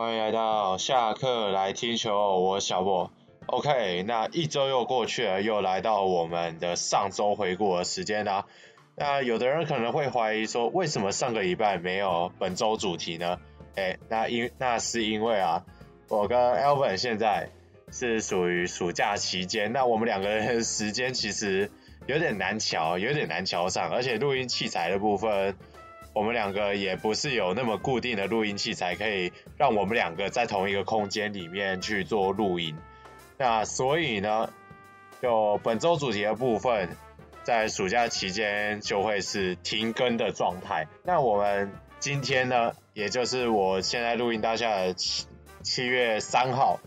歡迎來到下課來聽球，我是小柏。OK，那一周又過去了，又來到我們的上周回顧的時間啦、啊。那有的人可能會懷疑說，為什麼上個禮拜沒有本周主題呢？哎，那因那是因為啊，我跟 Alvin 現在是屬於暑假期間，那我們兩個人時間其實有點難喬，有點難喬上，而且錄音器材的部分。我們兩個也不是有那麼固定的錄音器材，可以讓我們兩個在同一個空間裡面去做錄音。那所以呢，就本周主題的部分，在暑假期間就會是停更的狀態。那我們今天呢，也就是我現在錄音當下的七七月三號，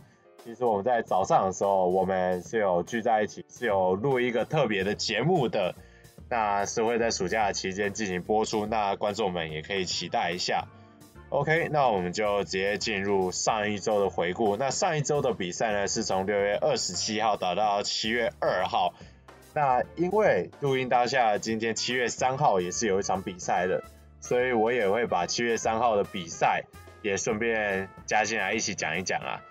其實我們在早上的時候，我們是有聚在一起，是有錄一個特別的節目的。那是會在暑假期間進行播出，那觀眾們也可以期待一下。OK，那我們就直接進入上一周的回顧。那上一周的比賽呢，是從六月二十七號打到七月二號。那因為錄音當下今天七月三號也是有一場比賽的，所以我也會把七月三號的比賽也順便加進來一起講一講啊。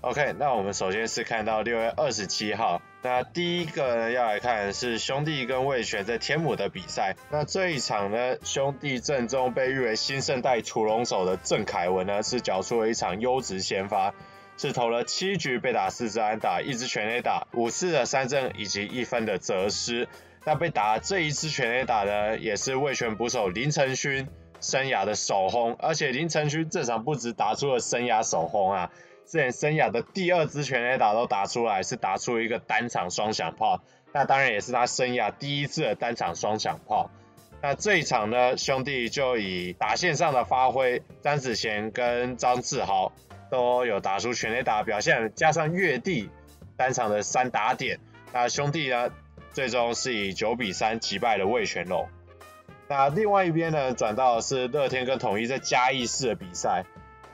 OK，那我們首先是看到六月二十七號。那第一個呢，要來看的是兄弟跟味全在天母的比賽。那這一場呢，兄弟陣中被譽為新生代屠龍手的鄭凱文呢，是繳出了一場優質先發，是投了七局被打四支安打、一支全壘打、五次的三振以及一分的責失。那被打這一支全壘打呢，也是味全捕手林承勳生涯的首轟，而且林承勳這場不只打出了生涯首轟啊。職業生涯的第二支全壘打都打出來，是打出一個單場雙響炮，那當然也是他生涯第一次的單場雙響炮。那這一場呢，兄弟就以打線上的發揮，詹子賢跟張志豪都有打出全壘打表現，加上越地單場的三打點，那兄弟呢最終是以九比三擊敗了味全龍。那另外一邊呢，轉到的是樂天跟統一在嘉義市的比賽。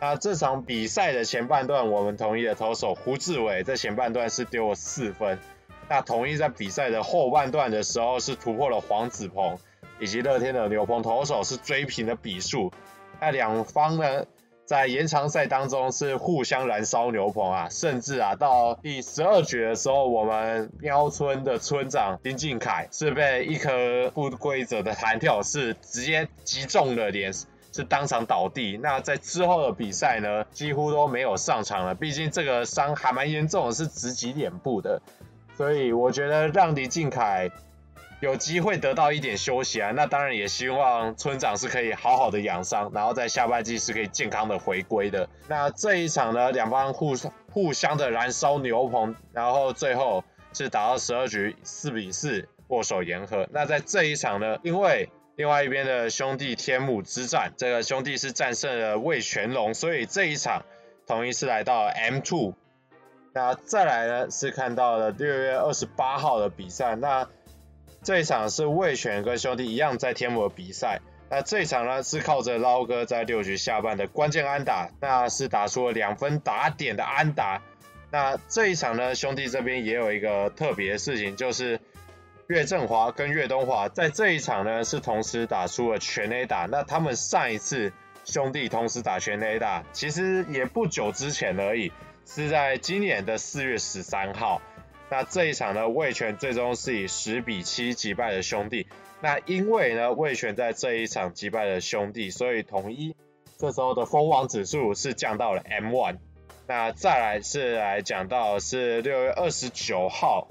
那這場比賽的前半段，我們統一的投手胡志偉在前半段是丟了四分。那統一在比賽的後半段的時候，是突破了黃子鵬以及樂天的牛棚投手，是追平的比數。那兩方呢，在延長賽當中是互相燃燒牛棚啊，甚至啊，到第十二局的時候，我們喵村的村長丁俊凱是被一顆不規則的彈跳是直接擊中了臉。是當場倒地，那在之後的比賽呢，幾乎都沒有上場了。畢竟這個傷還蠻嚴重的，是直擊臉部的，所以我覺得讓李俊凱有機會得到一點休息啊。那當然也希望村長是可以好好的養傷，然後在下半季是可以健康的回歸的。那這一場呢，兩方互互相的燃燒牛棚，然後最後是打到十二局四比四握手言和。那在這一場呢，因為。另外一邊的兄弟天母之戰，這個兄弟是戰勝了味全龍，所以這一場統一是來到 M2。那再來呢是看到了六月二十八號的比賽，那這一場是味全跟兄弟一樣在天母的比賽。那這一場呢是靠着撈哥在六局下半的關鍵安打，那是打出了兩分打點的安打。那這一場呢，兄弟這邊也有一個特別的事情，就是。岳政華跟岳東華在這一場呢是同時打出了全壘打。那他們上一次兄弟同時打全壘打，其實也不久之前而已，是在今年的四月十三號。那這一場呢，味全最終是以十比七擊敗了兄弟。那因為呢，味全在這一場擊敗了兄弟，所以統一這時候的封王指數是降到了 M1。那再來是來講到是六月二十九號。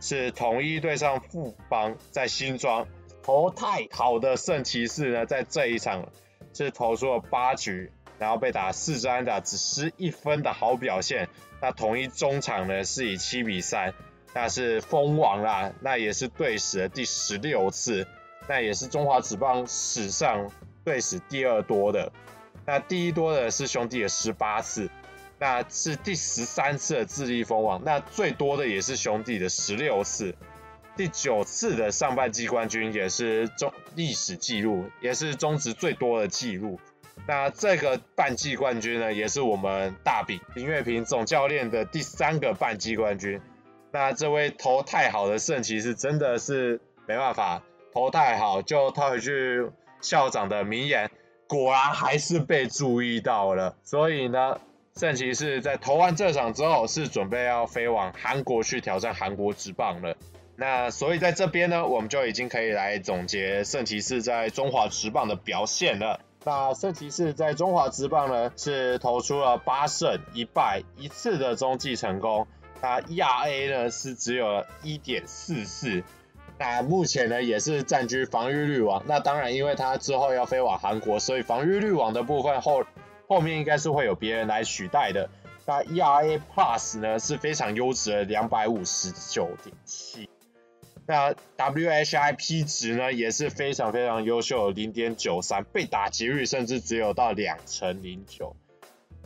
是統一對上富邦，在新莊投太好的勝騎士呢，在這一場是投出了八局，然後被打四支安打，只失一分的好表現。那統一終場呢，是以七比三，那是封王啦，那也是隊史的第十六次，那也是中華職棒史上隊史第二多的，那第一多的是兄弟的十八次。那是第十三次的自立封王，那最多的也是兄弟的十六次，第九次的上半季冠軍也是中歷史記錄，也是中職最多的記錄那這個半季冠軍呢，也是我們大餅林岳平總教練的第三個半季冠軍。那這位投太好的勝騎士真的是沒辦法，投太好，就套回去校長的名言，果然還是被注意到了。所以呢。勝騎士在投完這場之後，是準備要飛往韓國去挑戰韓國職棒了。那所以在這邊呢，我們就已經可以來總結勝騎士在中華職棒的表現了。那勝騎士在中華職棒呢，是投出了八勝一敗一次的中繼成功，那 ERA 呢是只有一點四四，那目前呢也是佔據防禦率王。那當然，因為他之後要飛往韓國，所以防禦率王的部分後。後面應該是會有別人來取代的。那 ERA Plus 呢是非常優質的兩百五十九點七，那 WHIP 值呢也是非常非常優秀的零點九三，93, 被打擊率甚至只有到兩成零九。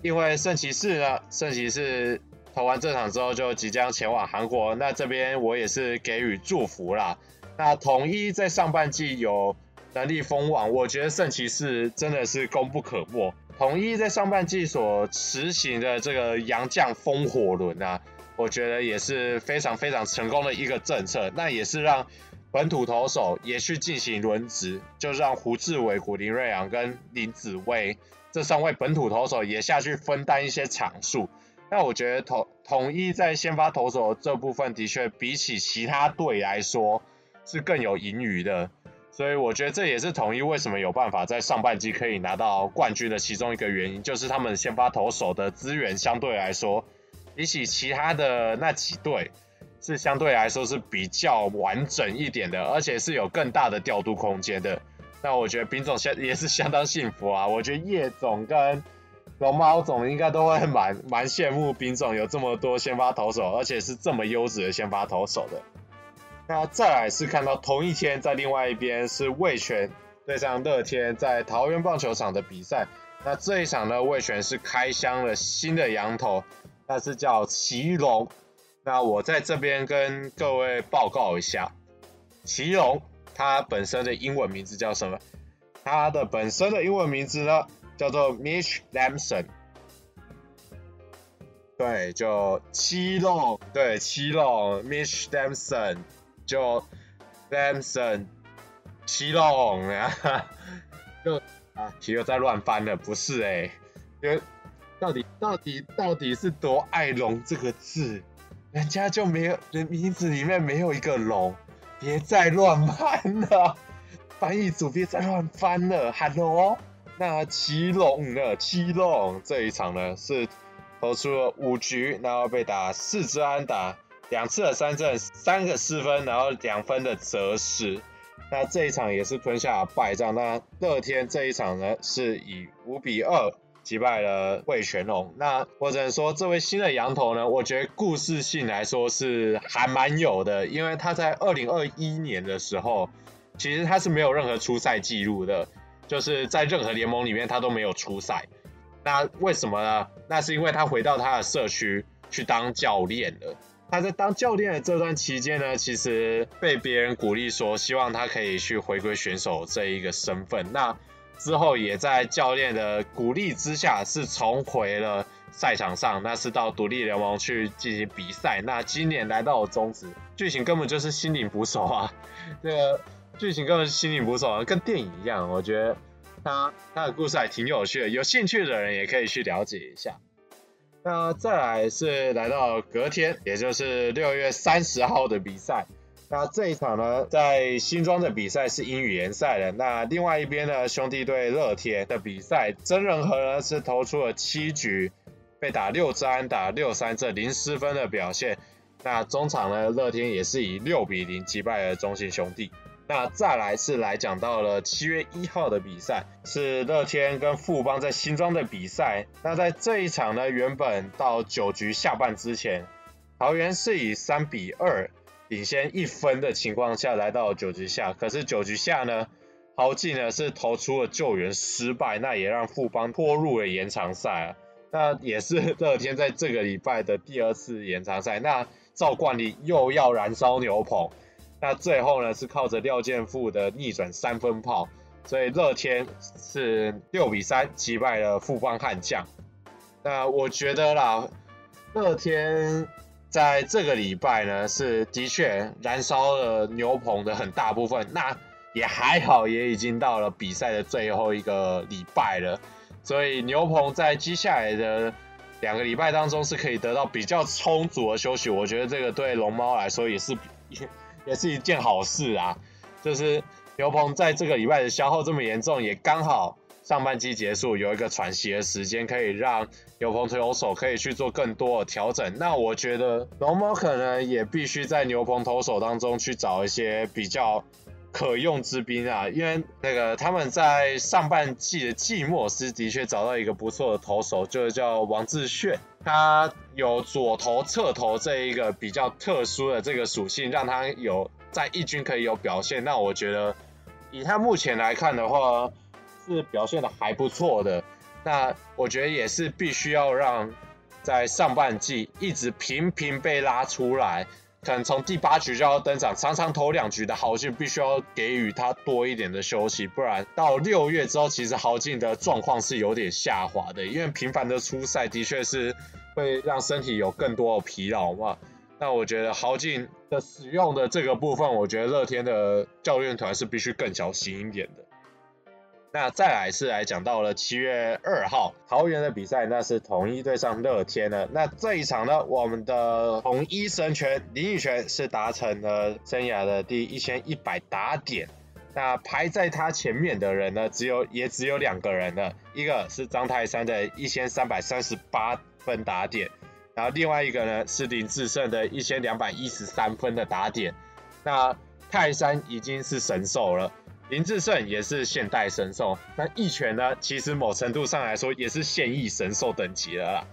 因為勝騎士呢，勝騎士投完這場之後就即將前往韓國，那這邊我也是給予祝福啦。那統一在上半季有能力封王，我覺得勝騎士真的是功不可沒。統一在上半季所實行的這個洋將烽火輪啊，我覺得也是非常非常成功的一個政策。那也是讓本土投手也去進行輪值，就讓胡智為、古林睿煬跟林子崴這三位本土投手也下去分擔一些場數。那我覺得統統一在先發投手這部分的確比起其他隊來說是更有盈餘的。所以我覺得這也是統一為什麼有辦法在上半季可以拿到冠軍的其中一個原因，就是他們先發投手的資源相對來說，比起其他的那幾隊是相對來說是比較完整一點的，而且是有更大的調度空間的。那我覺得平總現也是相當幸福啊，我覺得葉總跟龍貓總應該都會蠻蠻羨慕平總有這麼多先發投手，而且是這麼優質的先發投手的。那再來是看到同一天，在另外一邊是味全對上樂天在桃園棒球場的比賽。那這一場呢，味全是開箱了新的羊頭，那是叫奇龍。那我在這邊跟各位報告一下，奇龍他本身的英文名字叫什麼？他的本身的英文名字呢叫做 Mitch Lambson，對，就奇龍，對奇龍 Mitch Lambson 就 Samson 齊龍啊，就啊齊哥在亂翻了，不是哎、欸，因為到底到底到底是多愛“龍”這個字，人家就沒有人名字裡面沒有一個“龍”，別再亂翻了，翻譯組別再亂翻了，哈嘍，那齊龍呢？齊龍這一場呢是投出了五局，然後被打四支安打。兩次的三振，三個失分，然後兩分的責失，那這一場也是吞下了敗仗。那樂天這一場呢，是以五比二擊敗了味全龍。那我只能說，這位新的洋投呢，我覺得故事性來說是還蠻有的，因為他在二零二一年的時候，其實他是沒有任何出賽記錄的，就是在任何聯盟裡面他都沒有出賽。那為什麼呢？那是因為他回到他的社區去當教練了。他在當教練的這段期間呢，其實被別人鼓勵說，希望他可以去回歸選手這一個身份。那之後也在教練的鼓勵之下，是重回了賽場上，那是到獨立聯盟去進行比賽。那今年來到了中職，劇情根本就是心靈捕手啊！這個劇情根本是心靈捕手啊，跟電影一樣。我覺得他他的故事還挺有趣的，有興趣的人也可以去了解一下。那再來是來到隔天，也就是六月三十號的比賽。那這一場呢，在新莊的比賽是因雨延賽的。那另外一邊呢，兄弟隊樂天的比賽，曾仁和呢是投出了七局被打六支安打六三振零失分的表現。那中場呢，樂天也是以六比零擊敗了中信兄弟。那再來是來講到了七月一號的比賽，是樂天跟富邦在新莊的比賽。那在這一場呢，原本到九局下半之前，桃園是以三比二領先一分的情況下來到九局下。可是九局下呢，豪記呢是投出了救援失敗，那也讓富邦拖入了延長賽。那也是樂天在這個禮拜的第二次延長賽。那照慣例又要燃燒牛棚。那最後呢，是靠着廖健富的逆轉三分炮，所以樂天是六比三擊敗了富邦悍將。那我覺得啦，樂天在這個禮拜呢，是的確燃燒了牛棚的很大部分。那也還好，也已經到了比賽的最後一個禮拜了，所以牛棚在接下來的兩個禮拜當中是可以得到比較充足的休息。我覺得這個對龍貓來說也是比。 也是一件好事啊，就是牛棚在這個禮拜的消耗這麼嚴重，也剛好上半季結束，有一個喘息的時間，可以讓牛棚投手可以去做更多的調整。那我覺得龍貓可能也必須在牛棚投手當中去找一些比較。可用之兵啊，因為那個他們在上半季的季末是的確找到一個不錯的投手，就是叫王志炫，他有左投側投這一個比較特殊的這個屬性，讓他有在一軍可以有表現。那我覺得以他目前來看的話，是表現得還不錯的。那我覺得也是必須要讓在上半季一直頻頻被拉出來。可能從第八局就要登場，常常投兩局的豪進必須要給予他多一點的休息，不然到六月之後，其實豪進的狀況是有點下滑的，因為頻繁的出賽的確是會讓身體有更多的疲勞嘛。那我覺得豪進的使用的這個部分，我覺得樂天的教練團是必須更小心一點的。那再來是來講到了七月二號桃園的比賽，那是統一對上樂天了。那這一場呢，我們的統一神拳林玉泉是達成了生涯的第一千一百打點。那排在他前面的人呢，只有也只有兩個人了，一個是張泰山的一千三百三十八分打點，然後另外一個呢是林智勝的一千兩百一十三分的打點。那泰山已經是神獸了。林志勝也是現代神獸，那一拳呢，其實某程度上來說也是現役神獸等級的啦。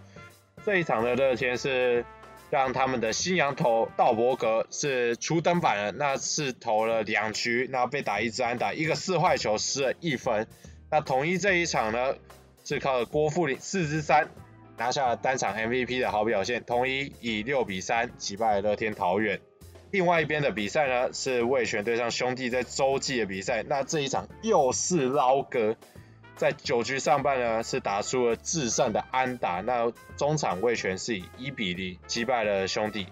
這一場的樂天是讓他們的新洋投道伯格是初登板了，那是投了兩局，那被打一支安打，一個四壞球失了一分。那統一這一場呢，是靠郭富林四之三拿下了單場 MVP 的好表現，統一以六比三擊敗了樂天桃園。另外一邊的比賽呢，是味全對上兄弟在洲際的比賽。那這一場又是撈哥在九局上半呢，是打出了制勝的安打，那中場味全是以一比零擊敗了兄弟。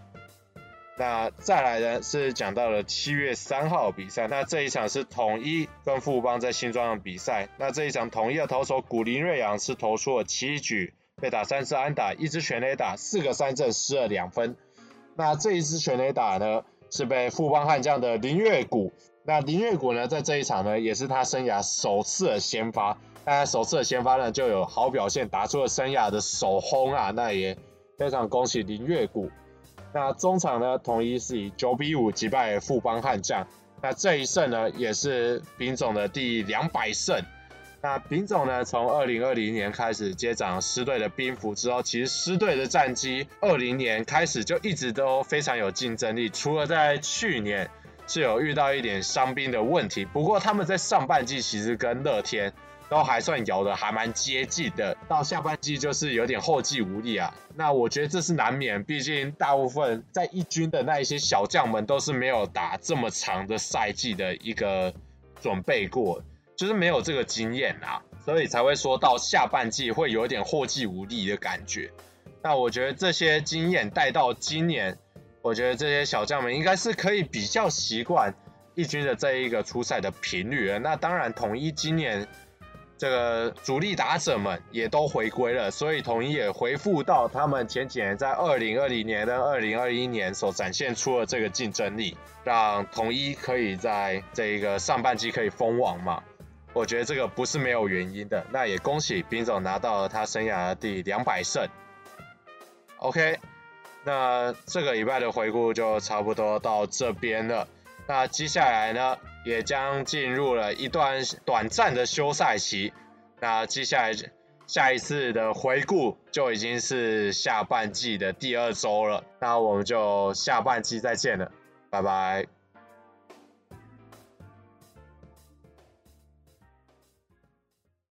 那再來呢，是講到了七月三號的比賽。那這一場是統一跟富邦在新莊的比賽。那這一場統一的投手古林睿煬是投出了七局，被打三次安打，一支全壘打，四個三振，失了兩分。那這一支全壘打呢，是被富邦悍將的林月谷。那林月谷呢，在這一場呢，也是他生涯首次的先發。那他首次的先發呢，就有好表現，打出了生涯的首轟啊！那也非常恭喜林月谷。那終場呢，統一是以九比五擊敗富邦悍將。那這一勝呢，也是平總的第兩百勝。那平總呢，從二零二零年開始接掌獅隊的兵符之後，其實獅隊的戰績二零年開始就一直都非常有競爭力。除了在去年是有遇到一點傷兵的問題，不過他們在上半季其實跟樂天都還算咬的還蠻接近的。到下半季就是有點後繼無力啊。那我覺得這是難免，畢竟大部分在一軍的那一些小將們都是沒有打這麼長的賽季的一個準備過。就是沒有這個經驗啊，所以才會說到下半季會有點後繼無力的感覺。那我覺得這些經驗帶到今年，我覺得這些小將們應該是可以比較習慣一軍的這一個出賽的頻率了。那當然，統一今年這個主力打者們也都回歸了，所以統一也回復到他們前幾年在二零二零年跟二零二一年所展現出的這個競爭力，讓統一可以在這一個上半季可以封王嘛。我覺得這個不是沒有原因的。那也恭喜斌總拿到了他生涯的第兩百勝。OK，那這個禮拜的回顧就差不多到這邊了。那接下來呢，也將進入了一段短暫的休賽期。那接下來下一次的回顧就已經是下半季的第二周了。那我們就下半季再見了，拜拜。